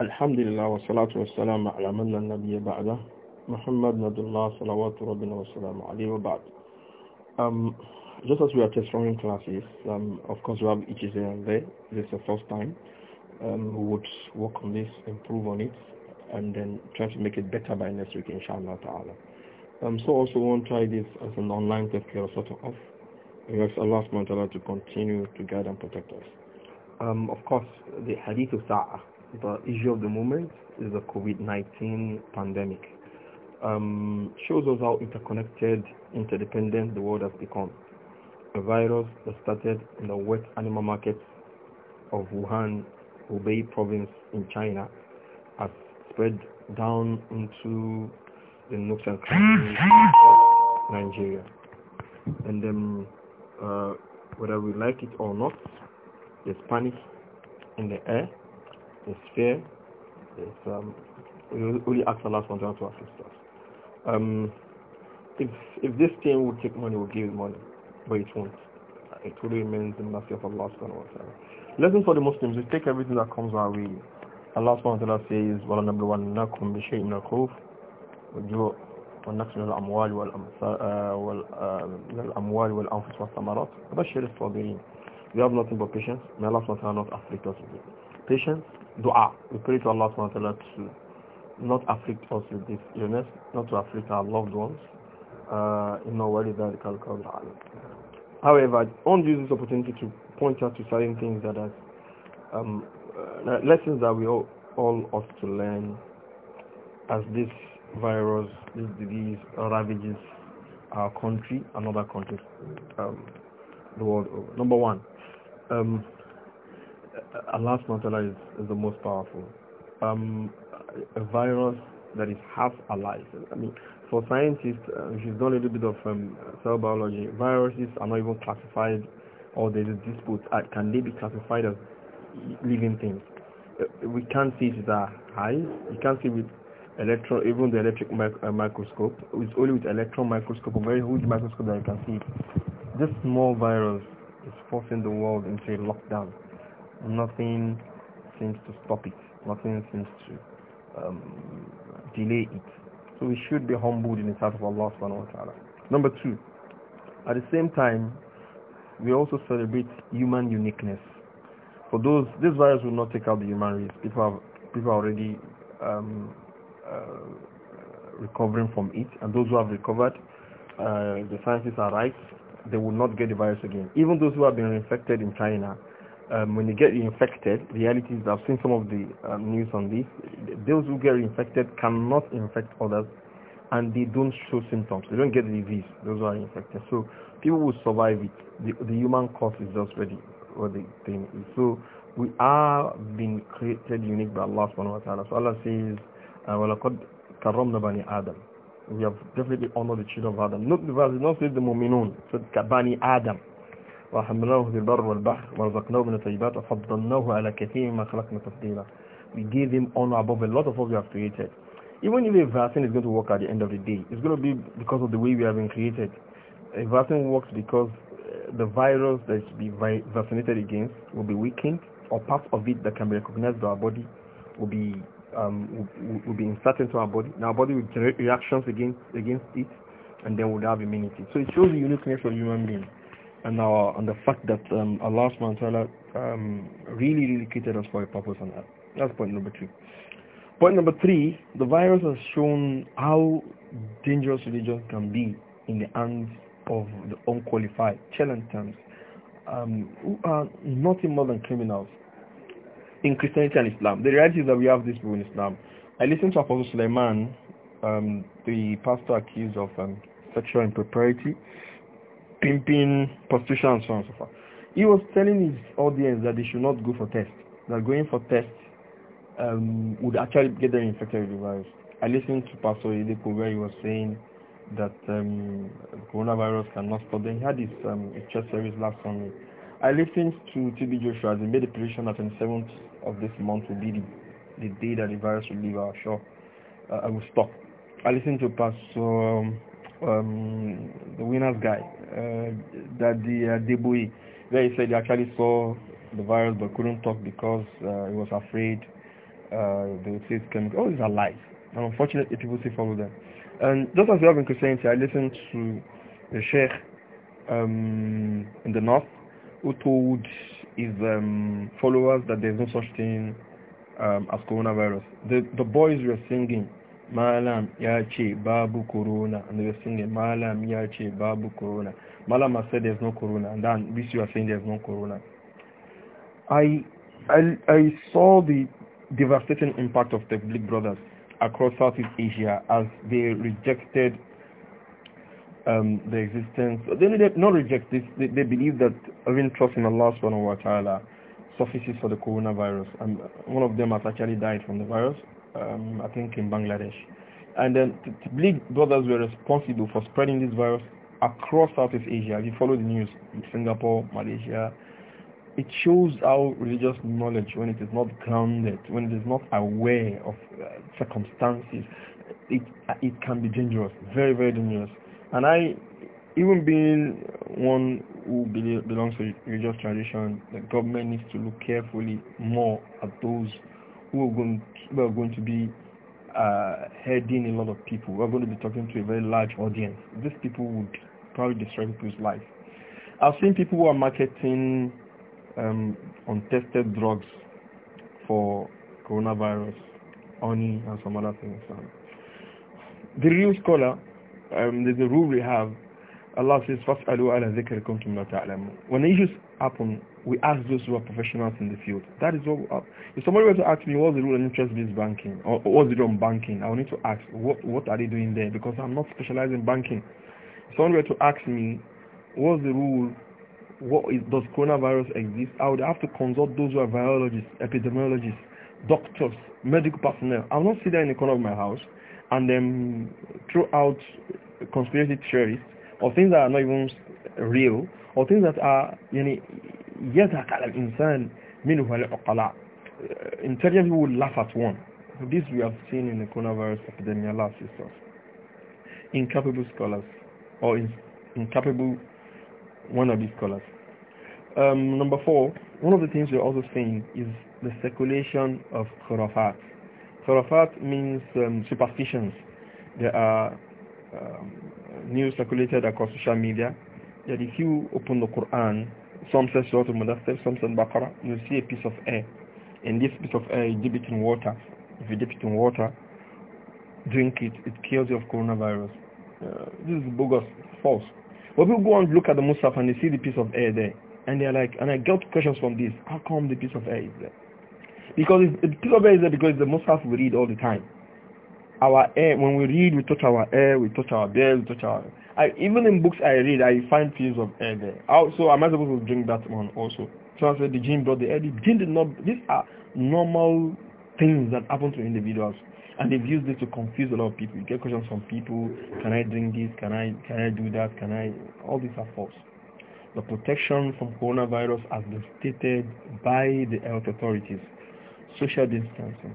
الحمد لله والصلاة والسلام على من Um, just as we are test running classes, um, of course we have each is there. This is the first time. Um, we would work on this, improve on it, and then try to make it better by next week, inshallah ta'ala. Um, so also we want to try this as an online test, sort of. We ask Allah subhanahu wa ta'ala to continue to guide and protect us. Um, of course, the hadith of Sa'ah, the issue of the moment is the COVID-19 pandemic. Um, shows us how interconnected, interdependent the world has become. A virus that started in the wet animal markets of Wuhan, Hubei province in China has spread down into the nooks and crannies of Nigeria. And then, um, uh, whether we like it or not, there's panic in the air there's fear, there's, um, we only ask Allah subhanahu to assist us. Um, if, if this thing would take money, we'll give money, but it won't. It truly remain the mercy of Allah subhanahu wa Lesson for the Muslims We take everything that comes our way. Allah subhanahu wa ta'ala says, وَلَنَبْلُوَنَّكُمْ بِشَيْءٍ مِنَ الْخُوفِ وَالْجُوعِ والنقل الأموال والأموال والأنفس والثمرات وبشر الصابرين We have nothing but patience. May Allah subhanahu wa not afflict us with it. Patience dua. We pray to Allah to not afflict us with this illness, not to afflict our loved ones. In our way that However, I want to use this opportunity to point out to certain things that are um, uh, lessons that we all, all ought to learn as this virus, this disease ravages our country and other countries um, the world over. Number one, um, Allah subhanahu is, is the most powerful. Um, a virus that is half alive. I mean, for scientists, uh, if you've done a little bit of um, cell biology, viruses are not even classified, or there's a dispute, uh, can they be classified as living things? Uh, we can't see with our eyes. You can't see with electron, even the electric mic uh, microscope. It's only with electron microscope, a very huge microscope that you can see. This small virus is forcing the world into a lockdown nothing seems to stop it. Nothing seems to um, delay it. So we should be humbled in the sight of Allah subhanahu wa ta'ala. Number two, at the same time, we also celebrate human uniqueness. For those, this virus will not take out the human race. People have people are already um, uh, recovering from it, and those who have recovered, uh, the scientists are right, they will not get the virus again. Even those who have been infected in China, um, when they get infected, reality is I've seen some of the um, news on this. Those who get infected cannot infect others, and they don't show symptoms. They don't get the disease. Those who are infected, so people will survive it. The, the human cause is just ready or the thing. So we are being created unique by Allah Subhanahu wa Taala. So Allah says, uh, "Walaqad bani Adam." We have definitely honored the children of Adam. Not the verse, not say the Muminun, said Bani Adam. وحملناه في البر والبحر ورزقناه من الطيبات وفضلناه على كثير خلقنا تفضيلا we gave him honor above a lot of what we have created even if a vaccine is going to work at the end of the day it's going to be because of the way we have been created a vaccine works because uh, the virus that should be vaccinated against will be weakened or parts of it that can be recognized by our body will be um, will, will be inserted into our body. Now, our body will generate reactions against against it, and then we'll have immunity. So it shows the uniqueness of human being and our and the fact that um, Allah subhanahu wa ta'ala um, really really created us for a purpose on that. That's point number two. Point number three, the virus has shown how dangerous religion can be in the hands of the unqualified, charlatans, um, who are nothing more than criminals in Christianity and Islam. The reality is that we have this rule in Islam. I listened to Apostle Suleiman, um, the pastor accused of um, sexual impropriety pimping, prostitution, and so on and so forth. He was telling his audience that they should not go for tests, that going for tests um, would actually get them infected with the virus. I listened to Pastor Ileko where he was saying that um, coronavirus cannot stop them. He had his, um, church service last Sunday. I listened to TB Joshua he made a prediction that on the 7th of this month will be the, the day that the virus will leave our shore. Uh, I will stop. I listened to Pastor um, um, the winner's guy, uh, that the uh, Deboe, he said he actually saw the virus but couldn't talk because uh, he was afraid uh, they would say it's chemical. Oh, these are lies. And unfortunately, people still follow them. And just as we have in Christianity, I listened to the Sheikh um, in the north who told his um, followers that there's no such thing um, as coronavirus. The, the boys were singing malam ya ce babu corona and we sing malam ya ce babu corona malam has said there's no corona and then this you are saying there's no corona I, I, I saw the devastating impact of the Big Brothers across Southeast Asia as they rejected um, the existence. They did not reject this. They, they believe that having trust in Allah subhanahu wa ta'ala suffices for the coronavirus. And one of them has actually died from the virus um, I think in Bangladesh. And then Tabligh brothers were responsible for spreading this virus across Southeast Asia. If you follow the news, Singapore, Malaysia, it shows how religious knowledge, when it is not grounded, when it is not aware of uh, circumstances, it uh, it can be dangerous, very very dangerous. And I, even being one who belongs to religious tradition, the government needs to look carefully more at those who are going we're going to be uh, heading a lot of people. We're going to be talking to a very large audience. These people would probably destroy people's life. I've seen people who are marketing um, untested drugs for coronavirus, honey, and some other things. The real scholar, um, there's a rule we have Allah says, فَاسْأَلُوا عَلَى ذِكْرِكُمْ كِمْ لَا تَعْلَمُونَ When issues happen, we ask those who are professionals in the field. That is what we uh, ask. If somebody were to ask me, what's the rule on interest-based banking? Or, what's the rule on banking? I would need to ask, what, what are they doing there? Because I'm not specialized in banking. If someone were to ask me, what's the rule? What is, does coronavirus exist? I would have to consult those who are virologists, epidemiologists, doctors, medical personnel. I will not sit there in the corner of my house and then throw out conspiracy theories or things that are not even real or things that are you يعني يضحك على الإنسان منه العقلاء uh, intelligent people will laugh at one this we have seen in the coronavirus epidemic last year. incapable scholars or in, incapable wannabe scholars um, number four one of the things we're also seeing is the circulation of khurafat khurafat means um, superstitions there are um, news circulated across social media that if you open the Quran, some says Surah Al-Mudathir, some says Baqarah, you see a piece of air. And this piece of air, you dip it in water. If you dip it in water, drink it, it kills you of coronavirus. Uh, this is bogus, false. But people go and look at the Musaf and they see the piece of air there. And they're like, and I got questions from this, how come the piece of air is there? Because the piece of air is there because the Musaf we read all the time our air, when we read, we touch our air, we touch our bed we touch our... I, even in books I read, I find pieces of air there. Also, am I supposed to drink that one also? So I said the jinn brought the air. The did not... These are normal things that happen to individuals. And they've used this to confuse a lot of people. You get questions from people, can I drink this? Can I can I do that? Can I... All these are false. The protection from coronavirus has been stated by the health authorities. Social distancing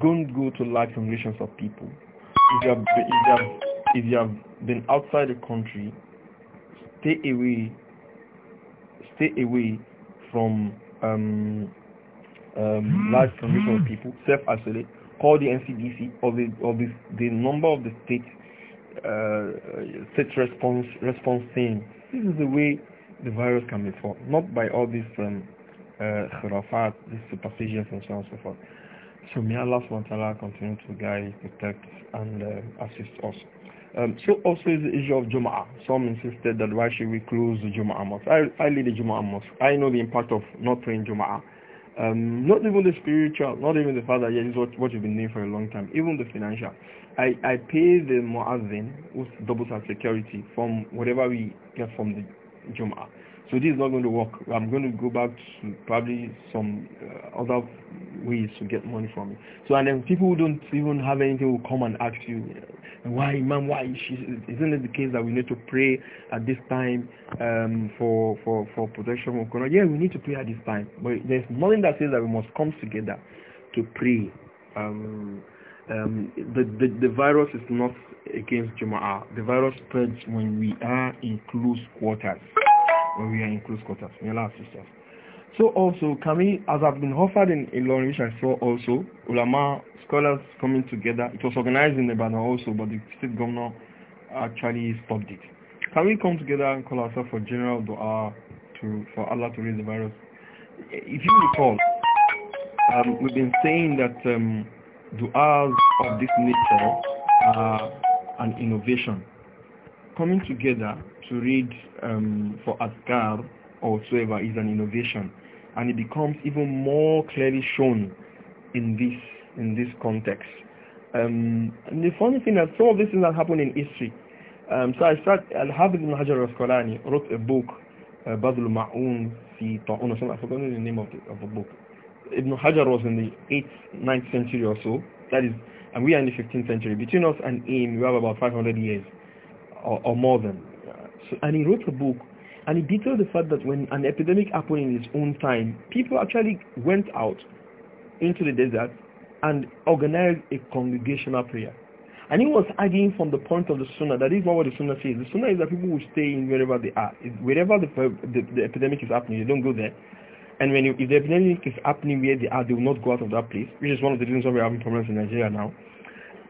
don't go to large congregations of people. If you have, if you have, if you have been outside the country, stay away, stay away from um, um, large congregations of people. Self-isolate. Call the NCDC or the or the, the number of the state uh, state response response thing. This is the way the virus can be fought, not by all these um, uh, khurafat, these superstitions and so on and so forth. So may Allah SWT continue to guide, protect, and uh, assist us. Um, so also is the issue of Jum'ah. Some insisted that why should we close the Jum'ah mosque? I, I lead the Jum'ah mosque. I know the impact of not praying Jum'ah. Um, not even the spiritual, not even the father, yeah, this is what, what you've been doing for a long time, even the financial. I, I pay the muazzin, who doubles our security, from whatever we get from the Jum'ah. So this is not going to work. I'm going to go back to probably some uh, other ways to get money from you. So and then people who don't even have anything will come and ask you, uh, why ma'am, why she, isn't it the case that we need to pray at this time um, for, for, for protection from Corona? Yeah, we need to pray at this time. But there's nothing that says that we must come together to pray. Um, um, the, the, the virus is not against Jumu'ah. The virus spreads when we are in close quarters. When we are in close quarters. We sisters. So also, can we, as I've been offered in Ilorin, which I saw also, ulama scholars coming together. It was organized in Lebanon also, but the state governor actually stopped it. Can we come together and call ourselves for general dua to for Allah to raise the virus? If you recall, um, we've been saying that um, du'as of this nature are an innovation. Coming together to read um, for Azkar or whatsoever is an innovation. And it becomes even more clearly shown in this in this context. Um, and the funny thing is, some of these things that happened in history. Um, so I start Al-Habib ibn Hajar al-Asqalani wrote a book, uh, Badl Ma'un fi Ta'un, I forgot the name of the, of the book. Ibn Hajar was in the 8th, 9th century or so. That is, and we are in the 15th century. Between us and him, we have about 500 years or, or more than. So, and he wrote a book and he detailed the fact that when an epidemic happened in his own time, people actually went out into the desert and organized a congregational prayer. And he was arguing from the point of the sunnah. That is not what the sunnah says. The sunnah is that people will stay in wherever they are. Wherever the, the, the epidemic is happening, they don't go there. And when you, if the epidemic is happening where they are, they will not go out of that place, which is one of the reasons why we're having problems in Nigeria now.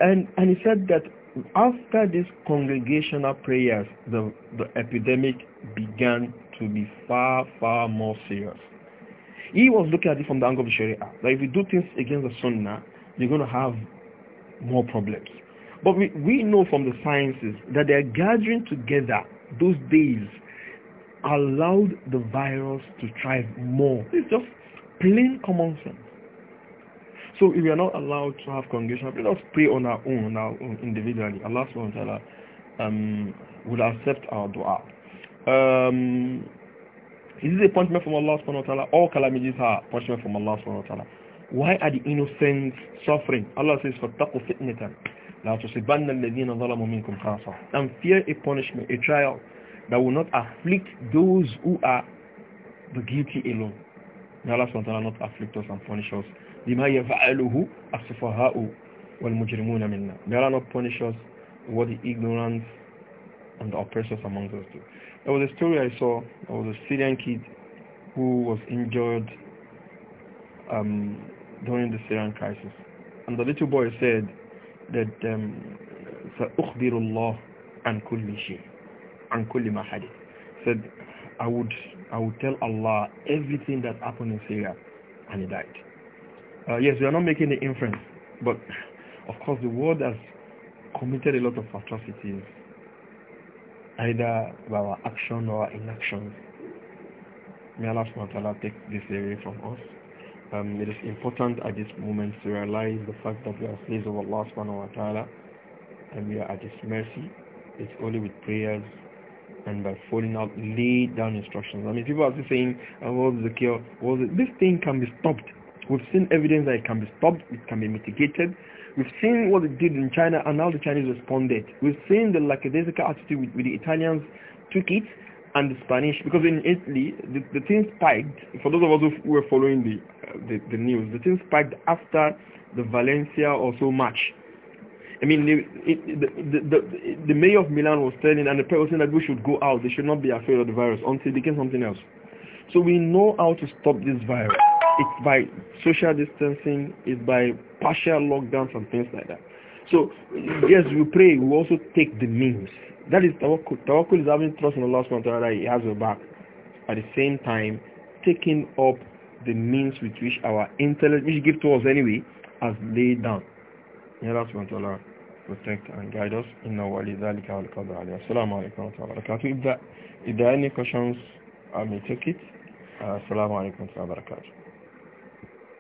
And, and he said that after these congregational prayers, the, the epidemic began to be far, far more serious. He was looking at it from the angle of Sharia, that if you do things against the Sunnah, you're going to have more problems. But we, we know from the sciences that are gathering together those days allowed the virus to thrive more. It's just plain common sense. So if we are not allowed to have congregation, let us pray on our own, on our own individually. Allah subhanahu wa ta'ala um, will accept our dua. Um, is this a punishment from Allah subhanahu wa ta'ala? All calamities are punishment from Allah subhanahu wa ta'ala. Why are the innocent suffering? Allah says, فَاتَّقُوا فِتْنَةً لَا تُصِبَنَّ الَّذِينَ ظَلَمُوا مِنْكُمْ خَاصَةً And fear a punishment, a trial that will not afflict those who are the guilty alone. May Allah subhanahu wa ta'ala not afflict us and punish us bima yaf'aluhu as-sufaha'u wal mujrimuna minna may Allah not punish us the ignorance and the oppressors among us do there was a story I saw there was a Syrian kid who was injured um, during the Syrian crisis and the little boy said that um, سأخبر الله عن كل شيء عن كل ما حدث said I would I would tell Allah everything that happened in Syria and he died uh, yes, we are not making the inference, but of course the world has committed a lot of atrocities, either by our action or inaction. May Allah SWT take this away from us. Um, it is important at this moment to realize the fact that we are slaves of Allah subhanahu wa ta'ala and we are at His mercy. It's only with prayers and by following out laid down instructions. I mean, people are still saying, oh, what's the cure? What's it? This thing can be stopped We've seen evidence that it can be stopped, it can be mitigated. We've seen what it did in China and how the Chinese responded. We've seen the lackadaisical attitude with, with the Italians took it and the Spanish, because in Italy, the, the thing spiked, for those of us who were following the, uh, the, the, news, the thing spiked after the Valencia or so match. I mean, the, it, the, the, the, mayor of Milan was telling, and the people saying that we should go out, they should not be afraid of the virus until they get something else. So we know how to stop this virus. It's by social distancing. It's by partial lockdowns and things like that. So yes, we pray. We also take the means. That is tawakkul. Tawakkul is having trust in Allah subhanahu wa ta'ala He has your back. At the same time, taking up the means with which our intellect, which give to us anyway, has laid down. May Allah subhanahu wa ta'ala protect and guide us. Inna wa li dhalika wal qadr alayhi. alaikum wa barakatuh. If there, are any questions, I may take it. Uh, Assalamu alaikum wa barakatuh.